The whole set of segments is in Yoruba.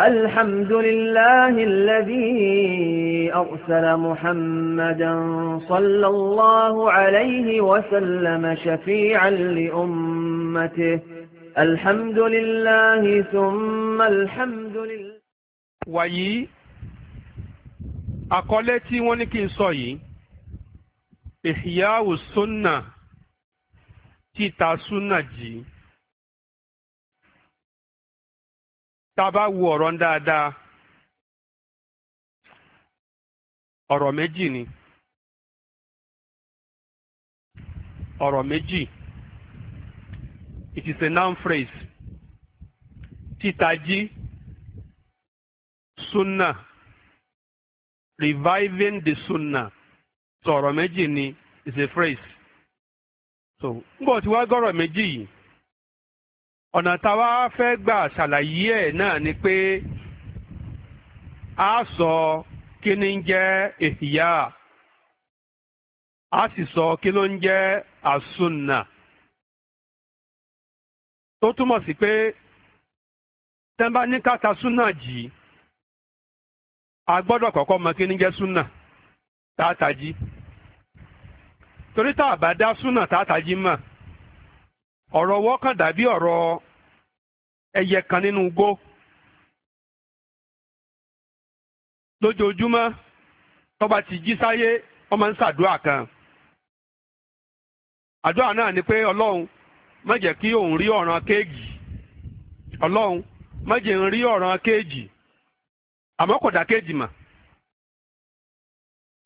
الحمد لله الذي أرسل محمدا صلى الله عليه وسلم شفيعا لأمته الحمد لله ثم الحمد لله وي أقلتي ونكي صي إحياء السنة تتا سنة جي tá a bá wo ọ̀rọ̀ ń dáadáa ọ̀rọ̀ méjì ni ọ̀rọ̀ méjì it is a noun phrase títají sunna reviving the sunna sọ̀rọ̀ méjì ni is a phrase so ngbọ̀ tí wàá gọ̀rọ̀ méjì yìí ọ̀nà táwa fẹ́ gbà ṣàlàyé ẹ̀ náà ni pé a sọ kí ni ń jẹ́ ìhìyà a sì sọ kí ló ń jẹ́ àsùnà tó túmọ̀ sí pé tẹ́ńbà ní káta súnà jì a gbọ́dọ̀ kọ́kọ́ mọ kí ni jẹ́ súnà táàtàjì torí tá a bá dá súnà táàtàjì mọ̀. ọ̀rọ̀ wọn kàn dàbí ọ̀rọ̀ ẹyẹ kan nínú igbó lójoojúmọ́ tó bá ti jí sáyé wọ́n máa ń ṣàdúrà kan àdúrà náà ni pé ọlọ́run má jẹ́ kí òun rí ọ̀ràn kéèjì ọlọ́run má jẹ́ rí ọ̀ràn kéèjì àmọ́ kò dá kéèjì mà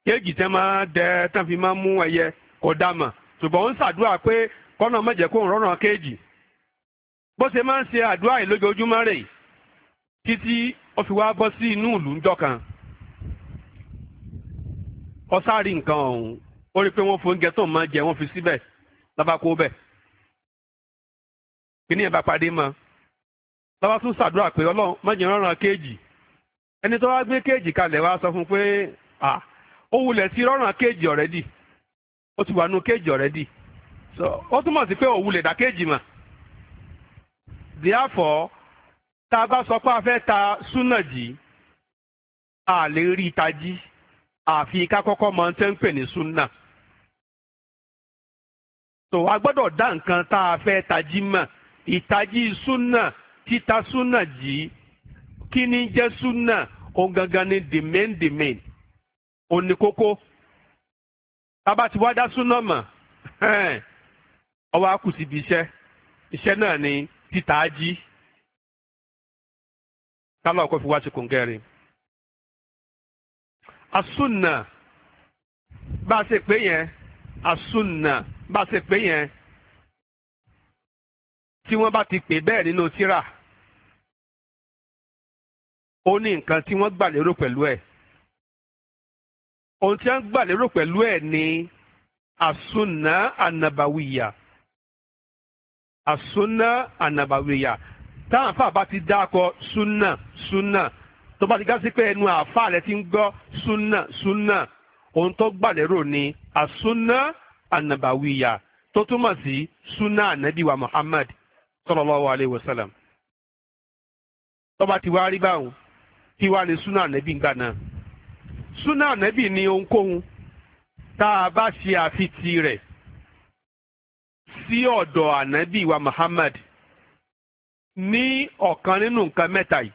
kéèjì tẹ́ máa dẹ tán fi máa mú ẹyẹ kò dá mà ṣùgbọ́n ó ń ṣàdúrà pé kọ́nà mọ̀jẹ̀ kó ń rọ́nà kéèjì bó ṣe máa ń ṣe àdúrà yìí lójoojúmọ́ rẹ̀ títí ó fi wá bọ́ sí inú ìlú ńjọ́ kan ọ̀sáàrí nǹkan ọ̀hún ó rí i pé wọ́n fún oúnjẹ tó máa jẹ wọ́n fi síbẹ̀ lábàkó bẹ̀ kíní ẹ̀ bá mọ́ lọ́wọ́ tún ṣàdúrà pé ọlọ́run rọ́nà kéèjì ẹni sí rọ́nà kéèjì ọ̀rẹ́dì so ó túmọ̀ sí pé òwúlẹ̀ ìdàkejì mà therefore tá a bá sọ pé a fẹ́ ta súnà jì a lè rí i ta jí àfi ká kọ́kọ́ máa ń ń pè ní súnà so a gbọ́dọ̀ dá nǹkan tá a fẹ́ tají mọ̀ ìtají súnà títa súnà jì kí ni jẹ́ súnà òun gangan ni the main the main òun ni kókó tá a bá ti wá dá súnà mọ̀ ọwọ́ akù síbi iṣẹ́ iṣẹ́ náà ni títà ají kálọ̀ ọkọ̀ fi wá sí kòǹgẹ́rin. asúnà bá a ṣe pé yẹn asúnà bá a ṣe pé yẹn tí wọ́n bá ti pè bẹ́ẹ̀ nínú tírà ó ní nǹkan tí wọ́n gbà lérò pẹ̀lú ẹ̀ ohun tí wọ́n gbà lérò pẹ̀lú ẹ̀ ni asúnà anabawiya. As àsúná ànàbàwìyà táwọn àfa bá ti dákọ súnà súnà tó bá ti gá sí pé ẹnu àfa rẹ ti ń gbọ́ súnà súnà ohun tó gbà lérò ni àsúná ànàbàwìyà tó túmọ̀ sí súnà ànábìwà Muhammad sallallahu alayhi wa sallam tó bá ti wá rí báwọn kí wá ní súnà ànábì ńgbà náà súnà ànábì ni ohunkóhun tá a bá ṣe àfitì rẹ̀ sí ọ̀dọ̀ ànábì wa Muhammad ní ọ̀kan nínú nǹkan mẹ́ta yìí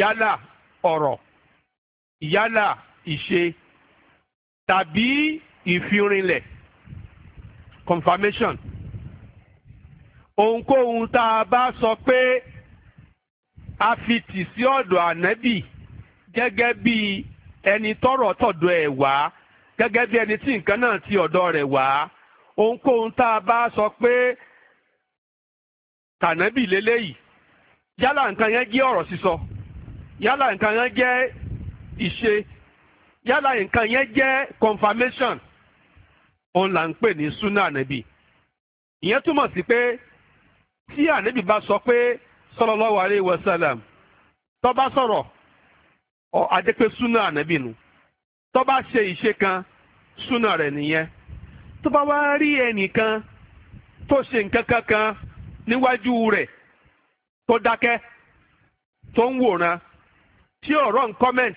yálà ọ̀rọ̀ yálà ìṣe tàbí ìfirinlẹ̀ confirmation ohunkóhun tá a bá sọ pé a fi tì sí ọ̀dọ̀ ànábì gẹ́gẹ́ bí ẹni tọrọ tọ̀dọ̀ ẹ̀ wá gẹ́gẹ́ bí ẹni tí nǹkan náà ti ọ̀dọ̀ rẹ̀ wá ohunkóhun tá a bá sọ pé tànábì lélẹ́yìí yálà nǹkan yẹn jẹ́ ọ̀rọ̀ sísọ yálà nǹkan yẹn jẹ́ ìṣe yálà nǹkan yẹn jẹ́ confirmation òun là ń pè ní Suna ànábì ìyẹn túmọ̀ sí pé tí ànábì bá sọ pé sallallahu alaihi wasallam tó bá sọ̀rọ̀ ọ adé pé súnà ànábì nu tó bá ṣe ìṣe kan súnà rẹ̀ nìyẹn. tó bá wá rí ẹnìkan tó ṣe nǹkan kankan níwájú rẹ̀ tó dákẹ́ tó ń wòran tí ò rán comment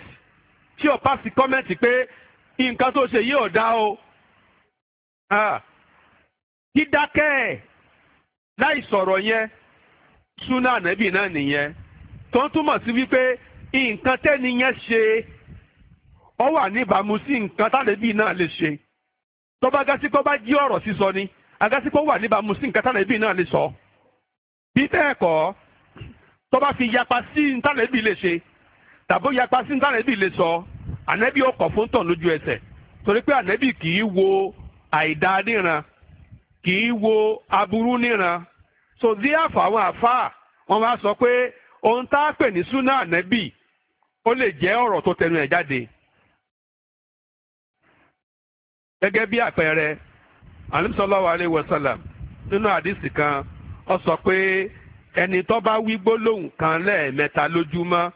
tí ò pàṣẹ comment pé nǹkan tó ṣe dá o dídákẹ́ ẹ̀ láì sọ̀rọ̀ yẹn súnà ànábì náà nìyẹn wípé nǹkan tẹ́ni yẹn ṣe ọ wà níbàámu sí nǹkan náà lè ṣe. tọba gásíkọ́ bá jí ọrọ sísọ ni agásíkọ́ wà níbàámu sí nǹkan tánàbí náà lè sọ bí bẹ́ẹ̀ kọ́ fi yapa sí tánàbí lè ṣe tàbó yapa sí tánàbí lè sọ ànẹ́bí ọkọ̀ fún tàn lójú torí pé kì wo àìdá níran kì wo aburú níran so àwọn wọn sọ pé ohun tá a pè ní súnà ó lè tó gẹ́gẹ́ bí àpẹẹrẹ alimsalawo aleyhi wa sallam nínú àdìsí kan ó sọ pé ẹni tó bá wí gbólóhùn kan lẹ́ẹ̀mẹ́ta lójúmọ́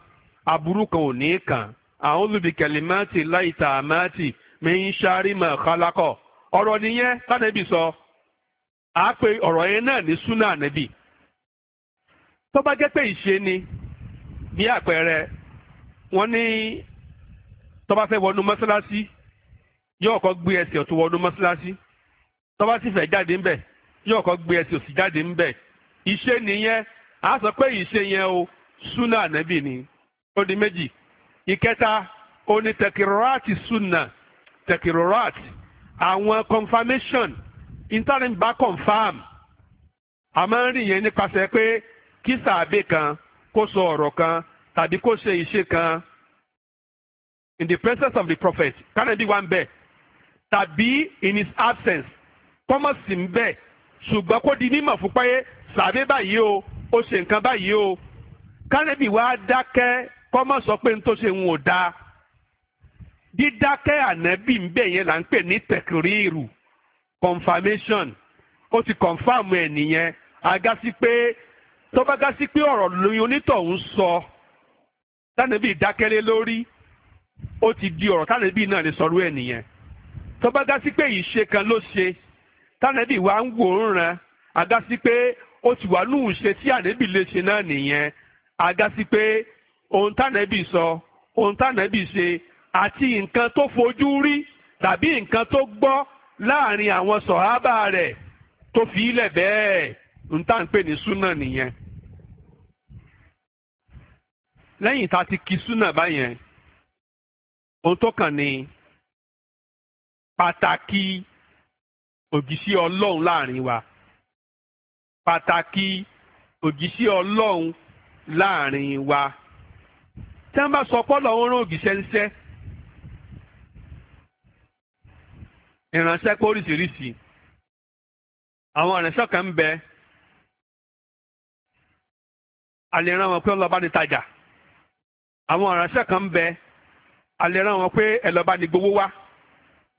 aburú kan ò ní kàn a'udhu bi kalimati llahi taamati min sharri ma khalaqa ọ̀rọ̀ nìyẹn tánàbì sọ àá pe ọ̀rọ̀ yẹn náà ní súnà ànábì tó bá jẹ́ pé ìṣe ni bí àpẹẹrẹ wọ́n ní tó bá fẹ́ wọnú mọ́sálásí yóò kọ́ gbé ẹsẹ̀ ọ̀tún wọnú mọ́ṣáláṣí tó bá sì fẹ́ jáde ńbẹ̀ yóò kọ́ gbé ẹsẹ̀ òsì jáde ńbẹ̀ ìṣe nìyẹn a sọ pé ìṣe yẹn o súnà ànábì ni ó di méjì ìkẹta ó ní tẹkìrọ́ràtì súnà tẹkìrọ́ràtì àwọn confirmation internet bá confam a máa ń rí yẹn nípasẹ̀ pé kí sàbẹ̀ kan kó sọ ọ̀rọ̀ kan tàbí kó ṣe iṣẹ́ kan in the presence of the prophet kánẹ́bí wa ń bẹ̀ tàbí in his absence kọ́mọ̀sì ń bẹ̀ ṣùgbọ́n kó di mímọ̀ fún pé sàbẹ̀ báyìí o ó ṣe nǹkan báyìí o kánẹ́bì wá dákẹ́ kọ́mọ̀ sọ pé n tó ṣe ń ò dáa dídákẹ́ ànábì ń bẹ̀ yẹn là ń pè ní tẹ̀kìrìrù confirmation ó ti confirm ẹ̀ nìyẹn àgásí pé tó bá gásí pé ọ̀rọ̀ lóyún onítọ̀hún sọ tánàbì dákẹ́lé lórí ó ti di ọ̀rọ̀ tánàbì náà lè sọrú ẹ̀ nìyẹn tó bá dá sí pé ìṣe kan ló ṣe tánẹ́bì wa ń wò ó ràn àdá sí pé ó ti wà lóhùn ṣe tí ànẹ́bì lè ṣe náà nìyẹn àdá sí pé ohun tánẹ́bì sọ ohun tánẹ́bì ṣe àti nǹkan tó fojú rí tàbí nǹkan tó gbọ́ láàrin àwọn sọ̀hábà rẹ̀ tó fi ilẹ̀ bẹ́ẹ̀ ń tà ń pè ní súnà nìyẹn. lẹ́yìn tá a ti kí súnà báyẹn ohun tó kàn ní pàtàkì òjíṣẹ́ ọlọ́run láàrin wa pàtàkì òjíṣẹ́ ọlọ́run láàrin wa tí wọ́n bá sọ pọ́lọ̀ wọn rán òjíṣẹ́ ńṣẹ́ ìránṣẹ́ pé oríṣiríṣi àwọn ìránṣẹ́ kan ń bẹ a lè rán wọn pé ọlọ́ba ní tajà àwọn ìránṣẹ́ kan ń bẹ a lè rán wọn pé ẹlọ́ba ní gbowó wá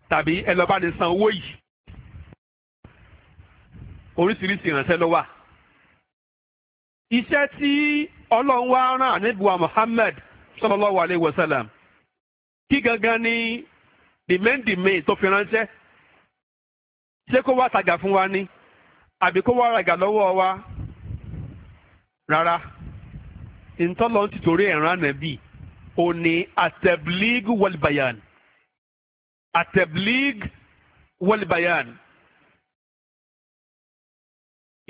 tàbí ẹ lọ bá ní san owó yìí oríṣiríṣi ìrànṣẹ́ ló wà. iṣẹ́ tí ọlọ́run wá rán àníbùwà Muhammad sallallahu alayhi wa sallam kí gangan ni dìmẹ́ǹdìmẹ́ tó fi ránṣẹ́ ṣé kó wá tajà fún wa ni àbí kó wá rajà lọ́wọ́ wa rárá ntọ́lọ́n ti torí ẹ̀ràn ànábì òní àtẹ̀blígù wal atẹ̀blíg wọlibayan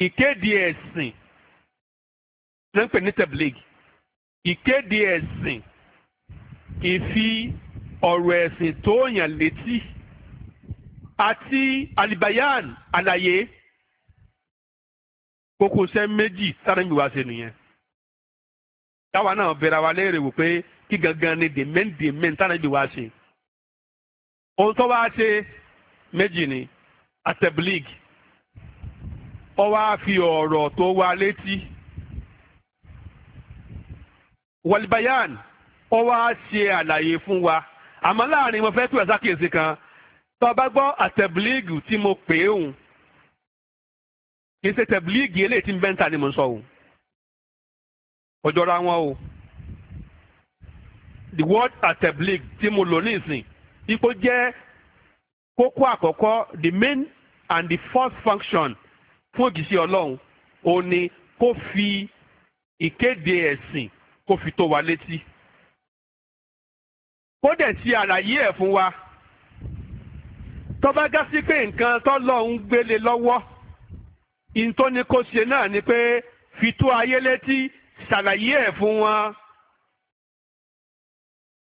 ìkéde ẹ̀sìn ló ń pè ní tẹ̀blíg ìkéde ẹ̀sìn ìfi ọ̀rọ̀ ẹ̀sìn tó yàn létí àti alibayan àlàyé kókó sẹ́ méjì sára mi wá sí nìyẹn táwa náà bẹ̀rẹ̀ wa léèrè wò pé kí gangan ni dèmẹ́ndèmẹ́ tára mi ohun tó ṣe méjì ni ateblig ó wá fi ọ̀rọ̀ tó wá létí walibayan ó wá ṣe àlàyé fún wa àmọ́ láàrin mo fẹ́ tó ẹ̀ sákèsí kan tó bá gbọ́ ateblig tí mo pè é òun kì í ṣe teblig eléyìí tí ń bẹ́ńtà ni mo ń sọ òun ọjọ́ra wọn o the word ateblig tí mo lò ní ìsìn ipò jẹ́ kókó àkọ́kọ́ the main and the first function fún òjíṣẹ́ ọlọ́run ó ní kó fi ìkéde ẹ̀sìn kó fi tó wa létí kó dẹ̀ ti àlàyé ẹ̀ fún wa tó bá gá pé nǹkan tọ́lọ́run gbélé lọ́wọ́ in tó ní kó ṣe náà ni pé fi tó ayé létí ṣàlàyé ẹ̀ fún wọn.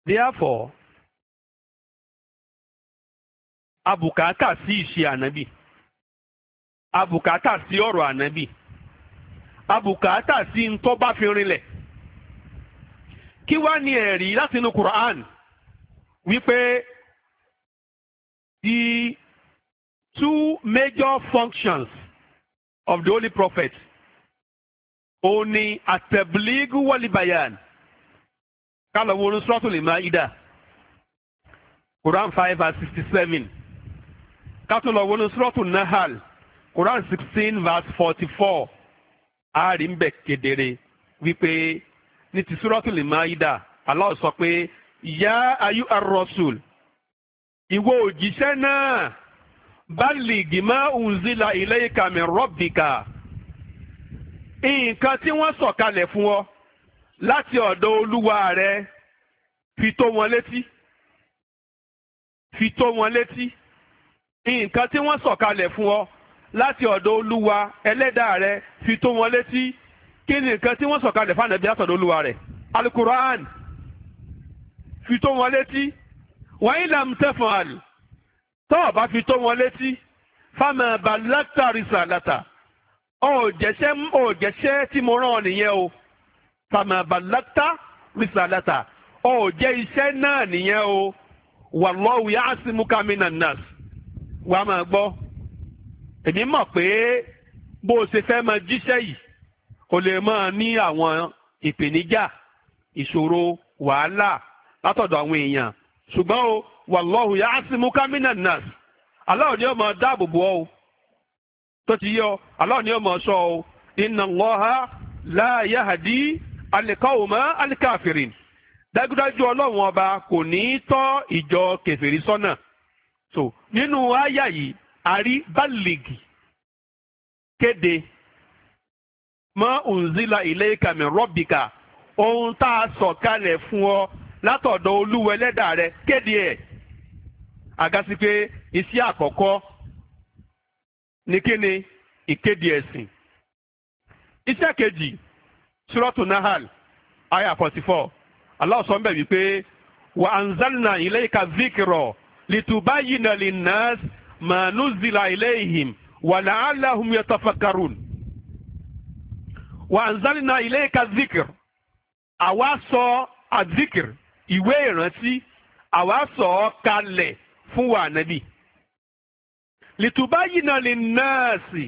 therefore Abukata si ìṣe ànábì Abukata si ọ̀rọ̀ ànábì Abukata si ntọ́ bá fi rinlẹ̀ kí wá ní ẹ̀rí láti inú Quran wípé the two major functions of the holy prophet oni atabligu walibayan kálọ̀ wo ní suratul Maida Quran five verse sixty seven kátó lọ wọnú sọ́ọ̀tù nahal quran sixteen verse forty four a rí ń bẹ̀ kedere wípé ní ti sọ́ọ̀tù lè máa yídà Allah sọ pé ya ayu ar-rasul ìwọ òjíṣẹ́ náà balligh ma unzila ilayka min rabbika nǹkan tí wọ́n sọ̀kalẹ̀ fún ọ láti ọ̀dọ̀ olúwa rẹ fi tó wọn létí fi tó wọn létí nǹkan tí wọ́n sọ̀kalẹ̀ fún ọ láti ọ̀dọ̀ olúwa ẹlẹ́dàá rẹ fi tó wọn létí kí ni nǹkan tí wọ́n sọ̀kalẹ̀ fún ànábì látọ̀dọ̀ olúwa rẹ̀ alukur'an fi tó wọn létí wàyí làm tẹ́fọ̀n àlù tọ́ ọ bá fi tó wọn létí fáma balata risalata ọ̀jẹ̀ṣẹ́ ọ̀jẹ̀ṣẹ́ tí mo rán ọ nìyẹn o fáma balata risalata ọ̀jẹ̀ iṣẹ́ náà nìyẹn o wallahu ya'simuka minan nas. wàá máa gbọ́ èmi mọ̀ pé bó o ṣe fẹ́ máa jíṣẹ́ yìí o lè máa ní àwọn ìpèníjà ìṣòro wàhálà látọ̀dọ̀ àwọn èèyàn ṣùgbọ́n o wallahu ya'simuka minan nas Allah ni ó máa dáàbò bò ọ́ tó ti yọ Allah ni ó máa sọ o inna Allaha la yahdi al-qawma al-kafirin dájúdájú ọlọ́run ọba kò ní í tọ́ ìjọ kèfèrí sọ́nà. so nínú àyà yìí àrí bálígì kéde mọ́ òǹzílà ilé kàmí rọ́bìkà ohun tá a sọ̀ kalẹ̀ fún ọ látọ̀dọ̀ olúwa ẹlẹ́dà rẹ kéde ẹ̀ àgásí pé iṣẹ́ àkọ́kọ́ ní kíni ìkéde ẹ̀sìn iṣẹ́ kejì suratu nahal aya forty four Allah sọ ń bẹ̀ wípé wa anzalna ilayka zikro litubayina linnas ma nuzila ilayhim walaallahum yatafakkarun wa anzalna ilayka zikr àwa sọ àzikr ìwé ìrántí àwa sọ ọ́ kalẹ̀ fún wa nàbì litubayina linnasi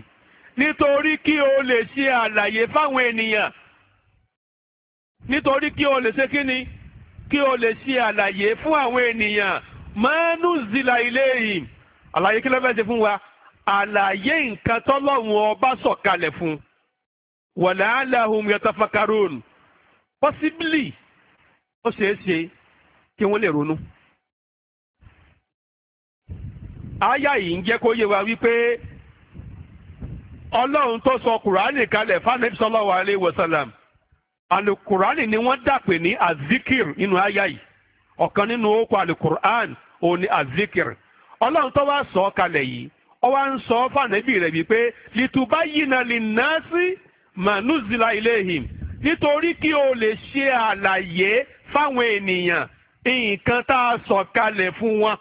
nítorí kí o lè ṣe àlàyé fáwọn ènìyàn nítorí kí o lè ṣe kíni kí o lè ṣe àlàyé fún àwọn ènìyàn mẹ́nu zìlà ilé yìí àlàyé kí ló fẹ́ fún wa àlàyé nǹkan tọ́lọ́run ọba sọ̀kalẹ̀ fún wọ̀lẹ́ aláhùn yẹtafakaron pọ́síbílì ó ṣeé ṣe kí wọ́n lè ronú. àyà yìí ń jẹ́ kó yé wa wípé ọlọ́run tó sọ kùránì kalẹ̀ fáànẹ́bí sallallahu alaihi wasallam àlùkùránì ni wọ́n dàpè ní azikir nínú àyà yìí. ọ̀kan nínú okò alukur'an òun ni azikir ọlọ́run tó wá sọ ọ́ kalẹ̀ yìí ó wá ń sọ fànẹ́bí rẹ̀ wípé lìtùbá yìí náà lè ná sí manuzila iléhìn nítorí kí o lè ṣe àlàyé fáwọn ènìyàn nǹkan tá a sọ kalẹ̀ fún wọn.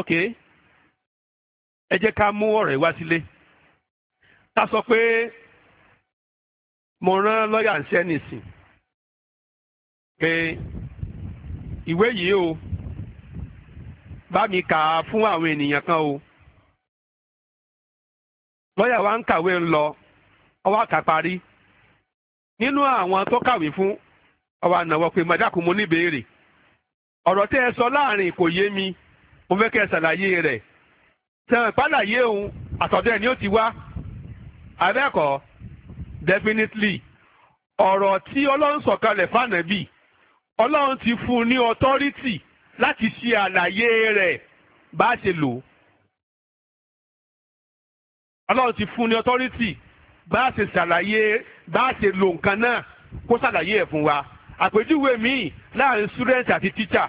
ok ẹ jẹ́ ká mú ọ̀rọ̀ wá sílé tá sọ pé mo rán lọ́ọ̀yà ń ṣẹ́ nìsín. pé ìwé yìí o bá mi kà á fún àwọn ènìyàn kan o lọ́yà wa ń kàwé ń lọ ọwọ́ àkà parí nínú àwọn tó kàwé fún ọwọ́ ànáwó pé màdàkùn mo níbèrè ọ̀rọ̀ ẹ sọ láàrin kò yé mi mo fẹ́ kẹ́ ẹ ṣàlàyé rẹ̀ sẹ́wọ̀n òun àtọ̀dọ̀ ẹ̀ ni ó ti wá abẹ́kọ̀ọ́ definitely ọ̀rọ̀ tí ọlọ́run sọ̀kalẹ̀ ọlọ́run ti fún un ní ọtọ́rítì láti ṣe àlàyé rẹ̀ bá a ṣe lò ọlọ́run ti fún un ní ọtọ́rítì bá a ṣe ṣàlàyé bá a ṣe lò nǹkan náà kó ṣàlàyé ẹ̀ fún wa àpèjúwe míì láàrin student àti teacher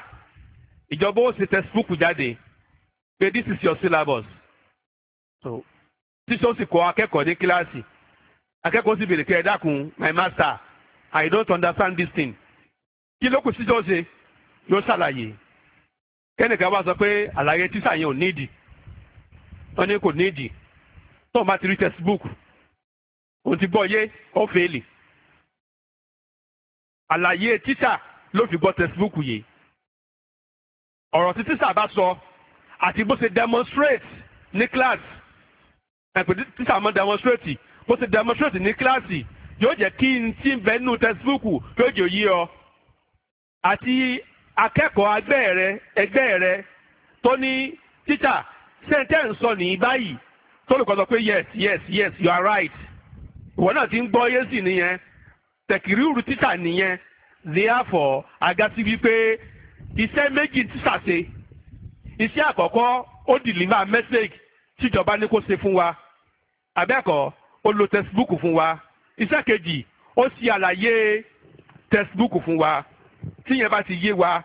ìjọba ó ṣe textbook jáde pé this is your syllabus so tíṣe ó sì kọ́ akẹ́kọ̀ọ́ ní kíláàsì akẹ́kọ̀ọ́ sì bèrè kí ẹ dákun my master I don't understand this thing kí ló kù síjọ́ ṣe yóò ṣàlàyé kẹ́nìkan wá sọ pé àlàyé tíṣà yẹn ò nídìí wọ́n ní kò nídìí tóun bá ti rí textbook òun ti gbọ́ yé ó fèèlì àlàyé tíṣà ló fi gbọ́ textbook yìí ọ̀rọ̀ tí tíṣà bá sọ àti bó ṣe demonstrate ní class ẹ̀pẹ̀ tíṣà mọ́ demonstrate bó ṣe demonstrate ní kíláàsì yóò jẹ́ kí n tí ń bẹ́ẹ̀ nù textbook yóò jẹ́ òyìn ọ àti akẹ́kọ̀ọ́ ẹgbẹ́ rẹ ẹgbẹ́ rẹ tó ní tíṣà sẹ́ńtẹ́ ń sọ nìyí báyìí tó lè kọ́ sọ pé yes yes yes you are right ìwọ náà ti ń gbọ́ yéésì nìyẹn tẹ̀kìrìrù tíṣà nìyẹn therefore agasi wípé iṣẹ́ méjì tíṣà ṣe iṣẹ́ àkọ́kọ́ ó deliver message tíjọba ní kó ṣe fún wa abẹ́kọ̀ ó lo textbook fún wa iṣẹ́ kejì ó ṣe àlàyé textbook fún wa tíyẹn bá ti yé wa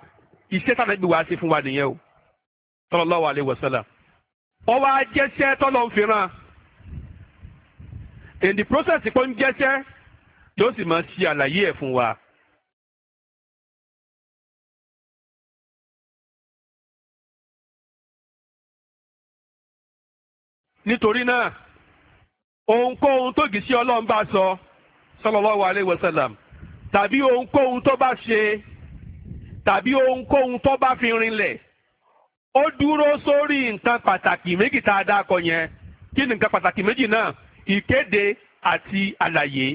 iṣẹ́ tàbí wa ṣe fún wa nìyẹn o sallallahu alaihi wasallam ọwọ́ ajẹ́sẹ́ tọ́lọ́ ń fìràn in the process pé ń jẹ́sẹ́ ló sì máa ṣe àlàyé ẹ̀ fún wa. nítorí náà ohunkóhun tó gìí sí ọlọ́run bá sọ sallallahu alaihi wasallam tàbí ohunkóhun tó bá ṣe tàbí ohunkóhun tó bá fi rinlẹ̀ ó dúró sórí nǹkan pàtàkì méjì tá a dákọ yẹn kí ni nǹkan pàtàkì méjì náà ìkéde àti àlàyé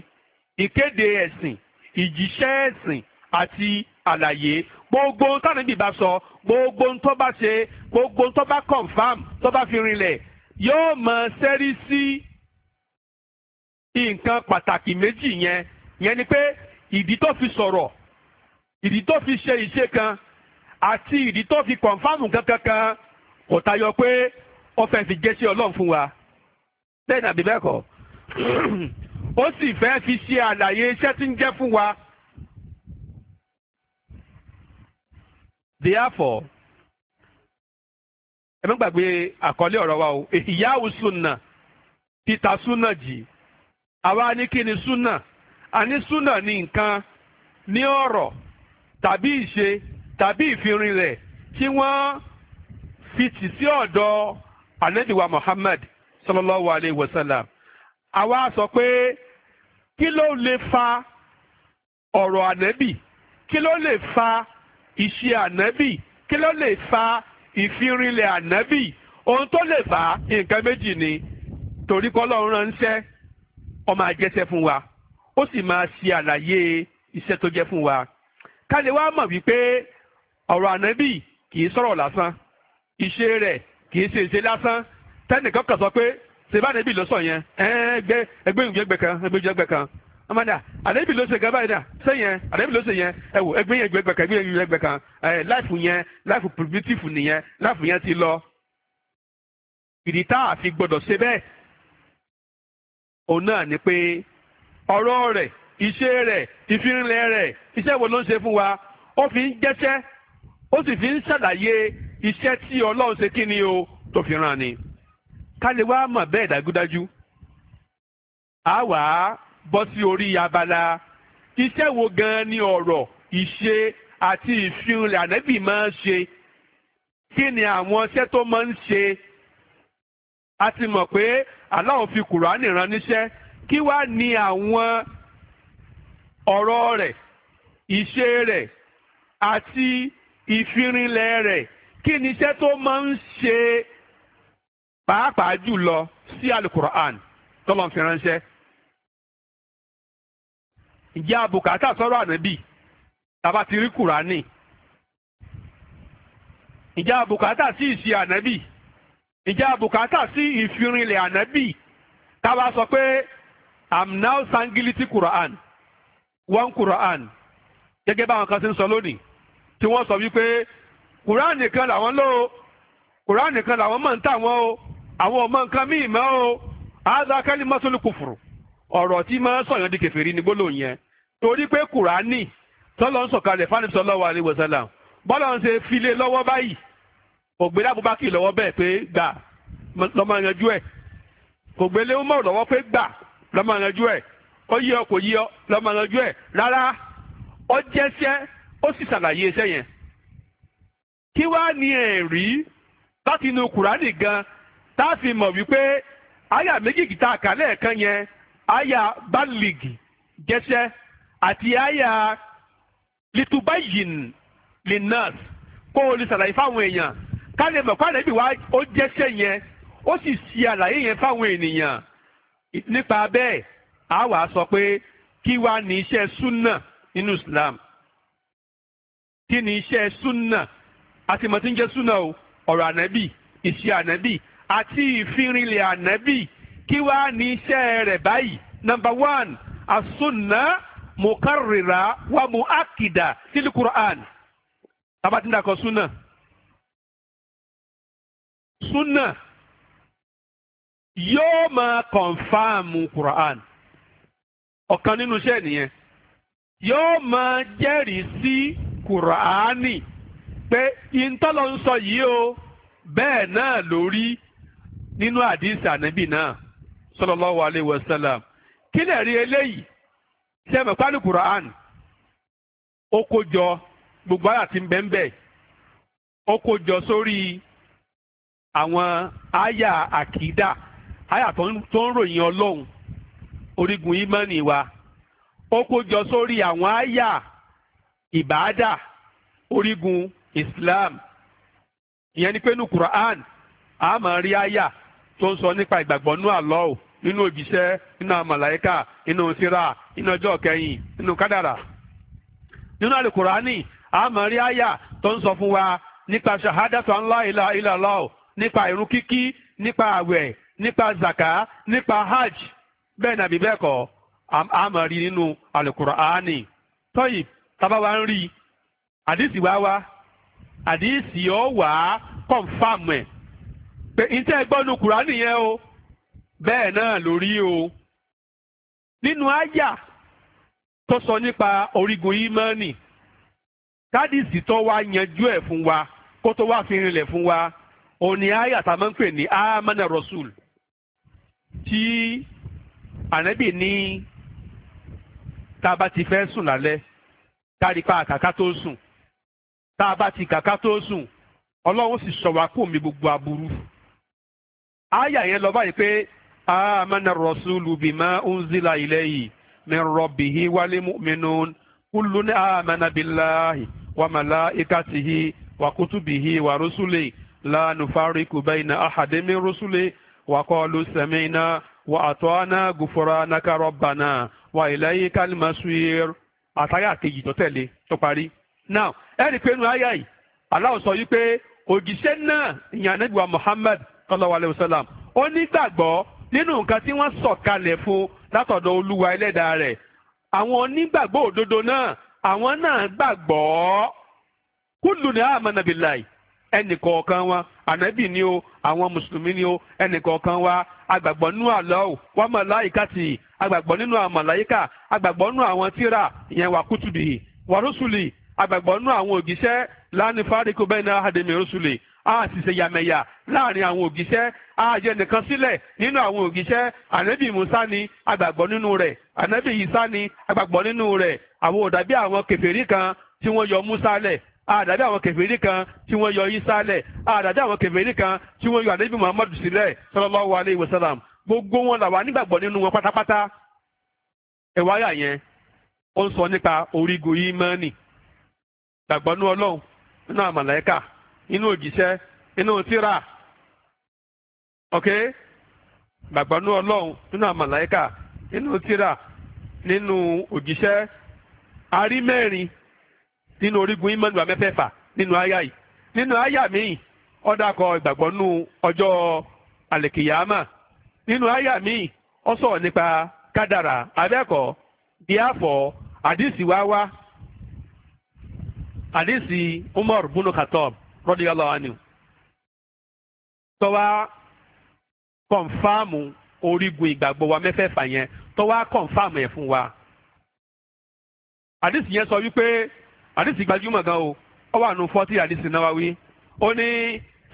ìkéde ẹ̀sìn ìjíṣẹ́ ẹ̀sìn àti àlàyé gbogbo ohun tánàbí bá sọ gbogbo ohun tó bá ṣe gbogbo ohun tó bá confam tó bá fi rinlẹ̀ yóò mọ sẹ́rí sí nǹkan pàtàkì méjì yẹn yẹn ni pé ìdí tó fi sọ̀rọ̀ ìdí tó fi ṣe ìṣe kan àti ìdí tó fi kọ̀ǹfàmù kankan kan kò tayọ pé ó fẹ́ fi jẹ́ sí ọlọ́run fún wa bẹ́ẹ̀ nàbí bẹ́ẹ̀ kọ́ ó sì fẹ́ fi ṣe àlàyé iṣẹ́ tí ń jẹ́ fún wa. therefore ẹ gbàgbé àkọlé ọ̀rọ̀ wa o ìyáwó sunna peter sunna jì àwa ní kí ni sunna àní sunna ní nǹkan ní ọ̀rọ̀ tàbí ìṣe tàbí ìfirin rẹ̀ tí wọ́n fi tì sí ọ̀dọ̀ anabiwa Muhammad sallallahu alayhi wa sallam àwa sọ pé kí ló lè fa ọ̀rọ̀ ànábì kí ló lè fa ìṣe ànábì kí ló lè fa ìfirinlẹ̀ ànábì ohun tó lè fà á nǹkan méjì ni torí kọ́lọ́run ránṣẹ́ ó máa fún wa ó sì máa ṣe àlàyé iṣẹ́ tó jẹ́ fún wa ká lè wá mọ̀ wípé ọ̀rọ̀ ànábì kì í sọ̀rọ̀ lásán ìṣe rẹ̀ kì í ṣe ìṣe lásán tẹ́nìkan kan sọ pé ṣèbá ànábì ló sọ yẹn ẹgbẹ́ ẹgbẹ́ ìgbẹ́gbẹ́ kan ẹgbẹ́ ìgbẹ́gbẹ́ kan ọmọdé ànábì ló ṣe gan báyìí náà ṣé yẹn ànábì ló ṣe yẹn ẹ wò ẹgbẹ́ yẹn ìgbẹ́gbẹ́ kan ẹgbẹ́ yẹn ìgbẹ́gbẹ́ kan ẹ láìfù yẹn láìfù primitive nìyẹn láìfù yẹn ti lọ. ìdí tá gbọdọ̀ ṣe bẹ́ẹ̀ òun náà ni pé ọ̀rọ̀ rẹ̀ iṣẹ́ rẹ̀ ìfinrinlẹ̀ rẹ̀ iṣẹ́ wo ló ń ṣe fún wa ó fi ń jẹ́ṣẹ́ ó sì fi ń ṣàlàyé iṣẹ́ tí ọlọ́run ṣe kí ni o tó fi rán ni ká lè wá mọ̀ bẹ́ẹ̀ dájúdájú a wà á bọ́ sí orí abala iṣẹ́ wo gan-an ni ọ̀rọ̀ ìṣe àti ìfinrinlẹ̀ ànábì máa ń ṣe kí ni àwọn iṣẹ́ tó máa ń ṣe a ti mọ̀ pé Allah fi Kùránì rán níṣẹ́ kí wá ni àwọn ọ̀rọ̀ rẹ̀ ìṣe rẹ̀ àti ìfirinlẹ̀ rẹ̀ kí ni iṣẹ́ tó máa ń ṣe pàápàá jùlọ sí alukur'an tọ́lọ̀ fi ránṣẹ́. ìjà bùkátà sọ̀rọ̀ ànábì tàbá ti rí kùránì. ìjà bùkátà sí ìṣe ànábì ìjà bùkátà sí ìfirinlẹ̀ ànábì tàbá sọ pé i'm now sangiliti kùránì one quran gẹ́gẹ́ báwọn kan ti ń sọ lónìí tí wọ́n sọ wípé quran nìkan làwọn lò ó quran nìkan làwọn máa ń tà wọ́n o àwọn ọmọ nǹkan míì mọ́ o àádọ́ akẹ́lẹ́ mọ́sọ́lù kùfùrù ọ̀rọ̀ tí máa ń sọ̀yàn di kèfèrí ní gbólóhùn yẹn torí pé kùránì tọ́lọ́ ń sọ̀kalẹ̀ fánísọ lọ́wọ́ alẹ́ wọ̀sálà bọ́lá ń ṣe file lọ́wọ́ báyìí kò gbé lọ́wọ́ bẹ́ẹ̀ pé gbà lọ́mọ yanjú ẹ̀ kò gbé lọ́wọ́ pé gbà lọ́mọ yanjú ẹ̀ ó yí ọ kò yí ọ lọ́mọ yanjú ẹ̀ rárá ó jẹ́sẹ́ ó sì ṣàlàyé iṣẹ́ yẹn. kí wàá ní ẹ̀rí láti inú kùránì gan tá a fi mọ̀ wípé àyà méjì kìtà àkàlẹ̀ kan yẹn àyà bálígì jẹ́sẹ́ àti àyà litubayin linnas kó o lè ṣàlàyé fáwọn èèyàn ká mọ̀ pàdé bí wàá ó jẹ́sẹ́ yẹn ó sì ṣe àlàyé yẹn fáwọn ènìyàn nípa bẹ́ẹ̀ a wàá sọ pé kí wàá ní iṣẹ́ súnà nínú Islam kí ni iṣẹ́ súnà àti mọ̀tí ń jẹ́ súnà o ọ̀rọ̀ ànábì ìṣe ànábì àti ìfirinlẹ̀ ànábì kí wàá ní iṣẹ́ rẹ̀ báyìí number one asúnà mukarrira wa si fil Qur'an tabatinda kọ súnà súnà yóò máa kọ̀nfàmù Qur'an. ọ̀kan nínú iṣẹ́ nìyẹn yóò máa jẹ́rìí sí kùránì pé ìtọ́lọ ń sọ yìí o bẹ́ẹ̀ náà lórí nínú àdìsí ànábì náà sallallahu alaihi wasallam kí lè rí eléyìí ṣe ẹ mọ̀ kùránì ó gbogbo àyà ti ń bẹ ń ó kó sórí àwọn àyà àyà tó ń ròyìn ọlọ́run orígun ìmánì wa ó kójọ sórí àwọn àyà ìbáàdà orígun Islam ìyẹn ni pé ní Quran a máa rí àyà tó ń sọ nípa ìgbàgbọ́ nú Allah o nínú òbíṣẹ́ nínú àmàlàíkà nínú síra nínú ọjọ́ kẹyìn nínú kádàrà nínú àlùkùránì a máa rí àyà tó ń sọ fún wa nípa ṣahadatu la ilaha illallah nípa ìrun kíkí nípa àwẹ̀ nípa zaka nípa hajj bẹ́ẹ̀ nàbí bẹ́ẹ̀ kọ́ a nínú Al-Qur'ani tọ́yì tábà wá ń rí àdìsí wá wá àdìsí ọ̀ wá kọ̀ǹfàm ẹ̀ pé iṣẹ́ gbọ́nu Kùránì yẹn o bẹ́ẹ̀ náà lórí o nínú àyà tó sọ nípa orígun ìmánì kádìsì tó wá yanjú ẹ̀ fún wa kó tó wá fi rinlẹ̀ fún wa òní àyà tá a máa ń pè ní amana rasul tí ànábì ní tá a bá ti fẹ́ sùn lálẹ́ kárí pa àkàká tó sùn tá a bá ti kàká tó sùn ọlọ́run sì sọ wá kó mi gbogbo aburú. àyà yẹn lọ báyìí pé amana rasulu bima unzila ilayhi min rabbihi wal mu'minun kullun amana billahi wa malaikatihi wa kutubihi wa rusulihi la nufariku bayna ahadin min rusulihi wa qalu وأطعنا غفرانك ربنا وإليك المصير àtàyà kejì tó tẹ̀lé tó parí. now ẹ̀rí pé nu àyà yìí Allah sọ yìí pé òjíṣẹ́ náà ìyàn anábìwá Muhammad sallallahu wa sallam ó nígbàgbọ́ nínú nǹkan tí wọ́n sọ kalẹ̀ fún látọ̀dọ̀ olúwa ẹlẹ́dàá rẹ̀ àwọn onígbàgbọ́ òdodo náà àwọn náà gbàgbọ́ kullu ni amana billahi ẹnì kọ̀ọ̀kan wa ànábì ni o àwọn mùsùlùmí ni o ẹnì kọ̀ọ̀kan wa agbàgbọ́ nínú àlọ́ wọ́n mọ̀ láyìíká tì í agbàgbọ́ nínú àwọn màláyíkà agbàgbọ́ nínú àwọn tíra ìyẹn wà kútùbì wàrúsùlì agbàgbọ́ nínú àwọn ògìṣẹ́ láàánú fáríkù bẹ́ẹ̀ náà àdèmí rúsùlì a sì ṣe yàmẹ̀yà láàrin àwọn ògìṣẹ́ a yẹ nìkan sílẹ̀ nínú àwọn ògìṣẹ́ ànábì musa ni agbàgbọ́ nínú rẹ̀ ànábì isa ni agbàgbọ́ nínú rẹ̀ àwọn òdàbí àwọn kèfèrí kan tí wọ́n yọ musa lẹ̀ àdàbí àwọn kèfèrí kan tí wọ́n yọ Ìsá lẹ̀ àdàbí àwọn kèfèrí kan tí wọ́n yọ àdébí Muhammadu sílẹ̀ sallallahu alaihi wasallam gbogbo wọn làwà nígbàgbọ́ nínú wọn pátápátá ẹ̀wá yà yẹn ó ń sọ nípa orígun ìmánì gbàgbọ́ nínú Ọlọ́run nínú àmàlẹ́kà nínú òjíṣẹ́ nínú tírà ok gbàgbọ́ nínú Ọlọ́run nínú àmàlẹ́kà nínú tírà nínú òjíṣẹ́ arí mẹ́rin nínú orígun ìmọ̀lùwà mẹ́fẹ̀ẹ̀fà nínú àyà yìí nínú aya miin ó akọ ìgbàgbọ́ ọjọ́ alekiyama nínú aya miin ọsọ nípa kadara abẹ́ẹ̀kọ́ díàfọ̀ àdìsí wá wá Umar bunu Khattab radiyallahu anhu orígun wa yẹn fún wa yẹn sọ wípé àdìsí gbajúmọ̀ gan o ó wà nù fọ́tì àdìsí Nawawi ó ní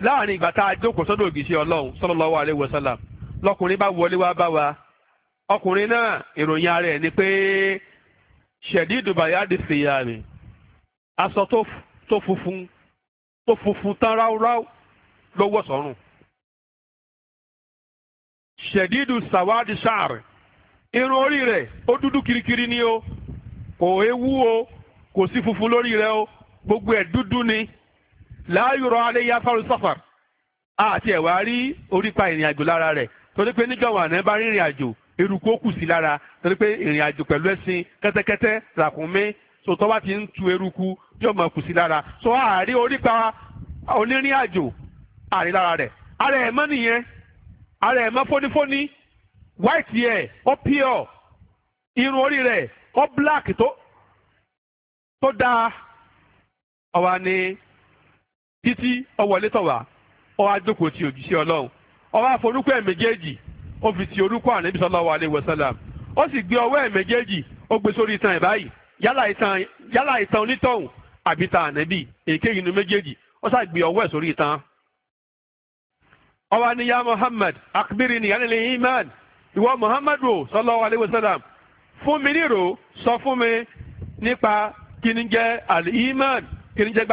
láàrin ìgbà tá a jókòó sọ́dọ̀ ògìṣẹ́ ọlọ́run sallallahu alaihi wasallam lọkùnrin bá wọlé wá bá wa ọkùnrin náà ìròyìn ara ẹ̀ ni pé ṣẹ̀dídù bàyáàdì fìyà mi aṣọ tó funfun tó funfun tán ráúráú ló wọ̀ sọ́rùn ṣẹ̀dídù sàwádìí sáàrì irun orí rẹ̀ ó dúdú kirikiri ni o kò ewu o kò sí funfun lórí rẹ o gbogbo ẹ̀ dúdú ni láàyòrò aléyá fáwọn sọ́fà àti ẹ̀wà rí orípa ìrìn àjò lára rẹ̀ torí pé níjọba àná bá rìnrìn àjò eruku ó kù sí lára torí pé ìrìn àjò pẹ̀lú ẹṣin kẹ́tẹ́kẹ́tẹ́ ràkúnmí sòtọ́ bá ti ń tu eruku yóò mọ̀ kù sí lára sọ àárí orípa onírìn àjò àrí lára rẹ̀ ara ẹ̀ mọ́ nìyẹn ara ẹ̀ mọ́ fónífóní white hair ó pure irun orí rẹ̀ ó black tó tó dáa ọ̀wà ni títí ọ̀wọ́lé tọ̀wà ọ̀wà jókòó ti òjíṣẹ́ ọlọ́run ọ̀wà àforúkọ ẹ̀ méjèèjì ó fi ti orúkọ ànábì sallallahu alaihi wasallam ó sì gbé ọwọ́ ẹ̀ méjèèjì ó gbé sórí itan ẹ̀ báyìí yálà itan yálà itan onítọ̀hún àbí ta ànábì èkéyìí inú méjèèjì ó sá gbé ọwọ́ ẹ̀ sórí itan. ọ̀wà ni ya Muhammad akbirni anil iman ìwọ Muhammadu sallallahu alaihi wasallam fún mi nírò sọ fún mi nípa kí ni jẹ́ al-iman kí ni jẹ́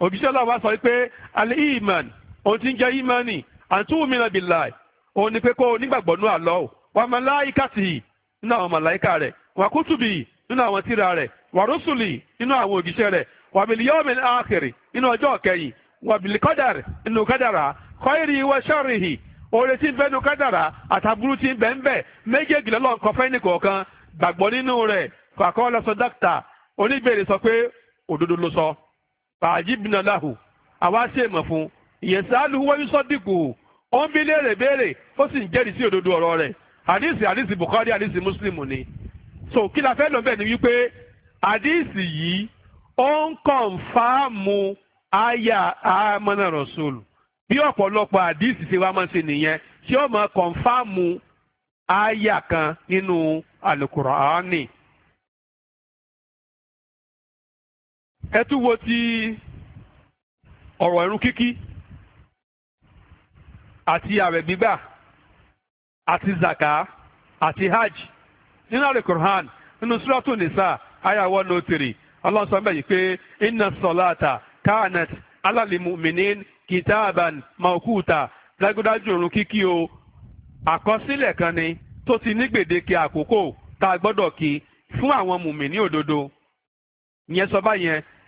òbíṣẹ́ ọlọ́run wa sọ pé al-iman òun ti ń jẹ́ imani àtúwòmínà bìláì òun ni pé kó o nígbàgbọ́ nú àlọ́ wa malaikati nínú àwọn màláìka rẹ̀ wa kutubi nínú àwọn tírà rẹ̀ wa rusuli nínú àwọn òjíṣẹ́ rẹ̀ wa bil yawmil akhir nínú ọjọ́ kẹyìn wa bil qadar nínú kádàrà khairi wa sharrihi oore tí ń bẹ nínú kádàrà àtàbúrú tí ń bẹ méjèèjì lọ́lọ́ nǹkan fẹ́ nìkọ̀ọ̀kan gbàgbọ́ nínú rẹ̀ kàkọ́ lọ́sọ dákítà oníbèrè sọ pé òdodo ló sọ fàájì bìnnà láhù àwa ṣe mọ̀ fún ìyẹ̀sẹ̀ alùwọ́yú sọ́dìkù ó ń bí léèrè béèrè ó sì ń jẹ́rìí sí òdodo ọ̀rọ̀ rẹ̀ àdìsí àdìsí Bukhari àdìsí Muslim ni so kí la fẹ́ lọ bẹ́ẹ̀ ni wípé àdìsí yìí ó ń kọ̀nfàmù àyà àmọ́nà rọ̀ṣọ́lù bí ọ̀pọ̀lọpọ̀ àdìsí ṣe wá máa ṣe nìyẹn tí ó máa kọ̀nfàmù àyà kan nínú al ẹ ti ọ̀rọ̀ ẹ̀rù kíkí àti ààrẹ gbígbà àti zaka àti hajj nínú àrẹ Qur'an nínú suratu nisa aya one oh three Allah sọ bẹ́ẹ̀ yìí pé inna dájúdájú kíkí o àkọsílẹ̀ kan ni tó ti ní gbèdéke àkókò tá a gbọ́dọ̀ kí fún àwọn mùmínì òdodo ìyẹn sọ báyẹn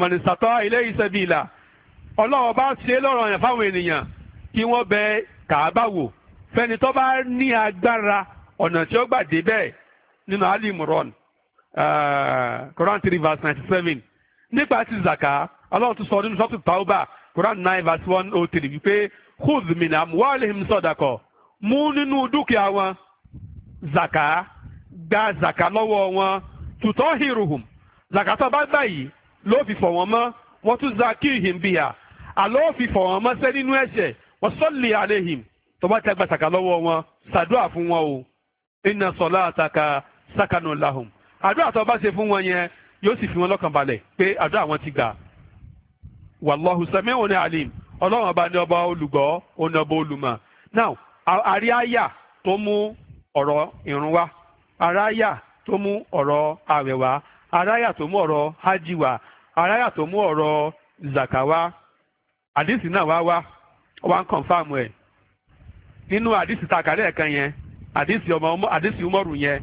mọ̀nìsàtọ́ ilé ìṣẹ́bìlà ọlọ́wọ́ bá ṣe lọ́rọ̀ yẹn fáwọn ènìyàn kí wọ́n bẹ kàábà wò fẹ́ni tó bá ní agbára ọ̀nà tí ó gbà dé bẹ́ẹ̀ nínú ali imran eh, Quran three verse ninety seven nípa ti zaka ọlọ́run tún sọ nínú sọ́tù tauba Koran nine verse one oh three wípé khudh min amwalihim sadaqa mú nínú dúkìá wọn zaka gba zaka lọ́wọ́ wọn tutọ́ hiruhum zaka tó bá gbà yìí ló fi fọ̀ wọ́n mọ́ wọ́n tún zakihim biha àlọ́ fi fọ̀ wọ́n mọ́ sẹ́ nínú ẹ̀ṣẹ̀ wọ́n sọ́ọ̀lì lè tó wọn saduwa fún wọn o inna salataka sakanu lahum àdúrà tó ṣe fún wọn yẹn yóò sì fi wọn lọ́kàn wọn ti gbà alim ní ọba olùgbọ́ ọba olùmọ̀ tó mú ọ̀rọ̀ wá tó mú ọ̀rọ̀ àwẹ̀ wá aráyà tó mú ọ̀rọ̀ zaka wá àdìsí náà wá wá wá ń kọ̀nfàmù ẹ̀ nínú àdìsí takàrẹ́ ẹ̀kan yẹn àdìsí ọmọ àdìsí umaru yẹn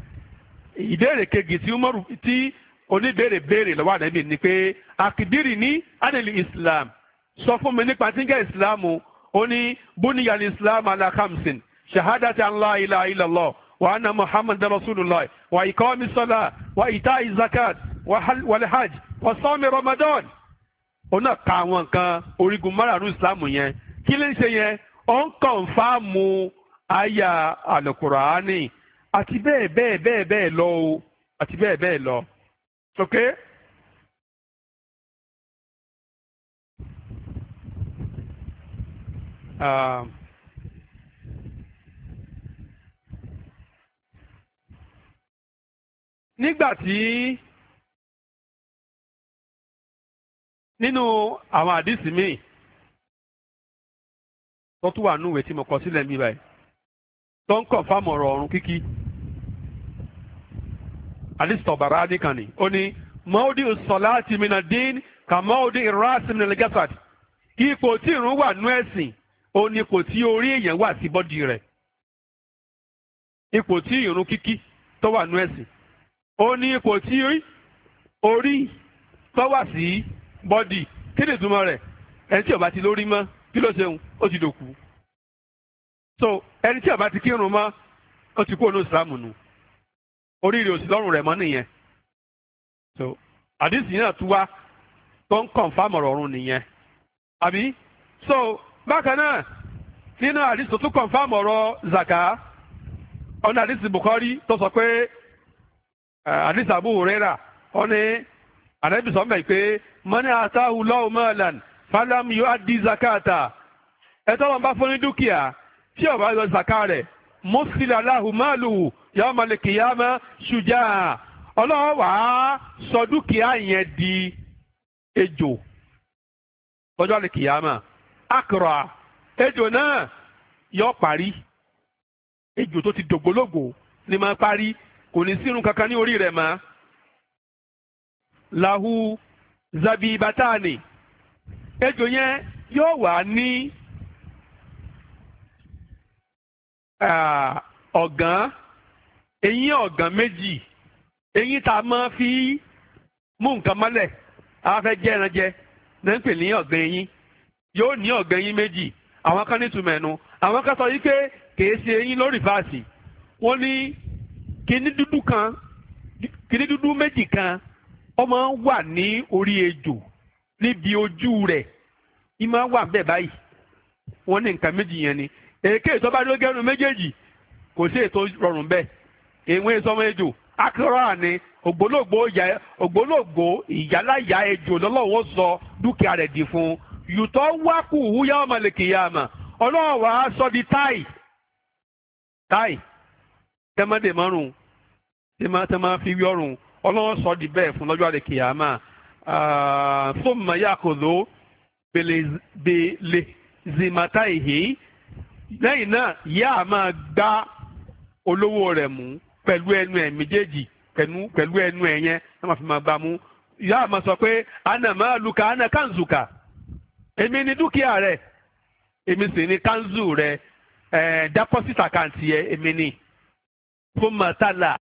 ìbéèrè kejì tí umaru tí oníbèrè béèrè lọ́wọ́ àdẹ́bì ni pé akidiri ní adèlè islam sọ fún mi nípa tí ń jẹ́ islam ó ní buniyan islam ala khamsin shahadati an ilaha illallah wa anna muhammadan rasulullah wa iqamis salah wa ita'i zakat wàlẹ́hàj wàsọ́mi Ramadan òun ka àwọn nǹkan orígun márààrún ìsìláàmù yẹn kí ló ṣe yẹn ọ ń kàn fáàmù àyà àlùkùránì àti bẹ́ẹ̀ bẹ́ẹ̀ bẹ́ẹ̀ bẹ́ẹ̀ lọ o àti bẹ́ẹ̀ bẹ́ẹ̀ lọ ok. Um, nígbà nínú àwọn àdìsí míì tó tún wà núwèé tí mo kọ sílẹ̀ níbí báyìí tó ń kọ̀ fámọ̀rọ̀ ọ̀run kíkí àdìsí tọ̀bàrà adìkan ni ó ní mọ́ọ́dì sọ̀láàtì mi náà dín kà mọ́ọ́dì ìrásí mi náà lẹ́gàsàd ipò tí ìrun wà nú ẹ̀sìn ó ní ipò tí orí èèyàn wà sí bọ́dì rẹ̀ ipò tí ìrun kíkí tó wà nú ẹ̀sìn ó ní ipò tí orí tó wà sí bọ́dì kí ni ìtumọ̀ rẹ̀ ẹni tí ó bá ti lórí mọ́ kí ló ṣeun ó ti dòkú. so ẹni tí ó bá ti kírun mọ́ ó ti kú ònú ìsìlámù nù oríire òsì lọ́rùn rẹ̀ mọ́ nìyẹn. so àdìsí náà tún wá tó ń kọ̀nfàmù ọ̀rọ̀ ọ̀run nìyẹn. àbí so bákan náà nínú àdìsí tó tún kọ̀nfàmù ọ̀rọ̀ zaka ọ̀nà àdìsí Bukhari tó sọ pé àdìsí Abu Huraira ọ̀nà àdìsí sọ́mọ̀ mọ́ni àtàwù lọ́wọ́ mọ́ọ̀lán falam yóò adi zakata ẹ̀tọ́ wọn bá fún ní dúkìá tí ó bá yọ zaka rẹ̀ mọ́sílẹ̀ aláhu máàlù yàrá malekiyama ṣùjà ọlọ́wọ́ wàá sọ dúkìá yẹn di ejò ọjọ́ alekiyama akra ejò náà yọ parí ejò tó ti dògbólógbò ni máa parí kò ní sírun kankan ní orí rẹ̀ mọ́ lahu zabibatani ejò yẹn yóò wà ní ọ̀gán eyín ọ̀gán méjì eyín tá a máa fi mú nǹkan mọ́lẹ̀ a fẹ́ jẹ́ ẹran jẹ náà ń pè ní ọ̀gán eyín yóò ní ọ̀gán eyín méjì àwọn kan nítumọ̀ ẹnu àwọn kan sọ yìí pé ṣe eyín lórí fàásì wọ́n ní kíní dúdú kan kíní dúdú méjì kan ó máa ń wà ní orí ejò níbi ojú rẹ í máa wà bẹ́ẹ̀ báyìí wọ́n ní nǹkan méjì yẹn ni èké tó bá dúró gẹ́nu méjèèjì kò sí ètò rọrùn bẹ́ẹ̀ èwọ̀n èso ọmọ ejò akérọ́à ni ògbólógbò ìyáláyà ejò lọ́lọ́wọ́ sọ dúkìá rẹ̀ dì fún un yùtọ̀ wákù húyá ọmọlẹ̀kìyàmà ọlọ́wọ́ wàá sọ di táì táì tẹ́mọ́dé márùn-ún tẹ́mọ́ fi wí ọ̀rùn ọlọ́wọ́ sọ di bẹ́ẹ̀ fún lọ́jọ́ àdìkìyàmá thumma ya'khudhu bilizimatayihi lẹ́yìn náà yá a máa gbá olówó rẹ̀ mú pẹ̀lú ẹnu ẹ̀ méjèèjì pẹ̀lú ẹnu ẹ̀ yẹn ẹ máa fi máa bá mú yá a máa sọ pé ana maluka ana kanzuka èmi ni dúkìá rẹ̀ èmi sì ni kanzu rẹ̀ ẹ̀ deposit account yẹ èmi ni fún màtàlá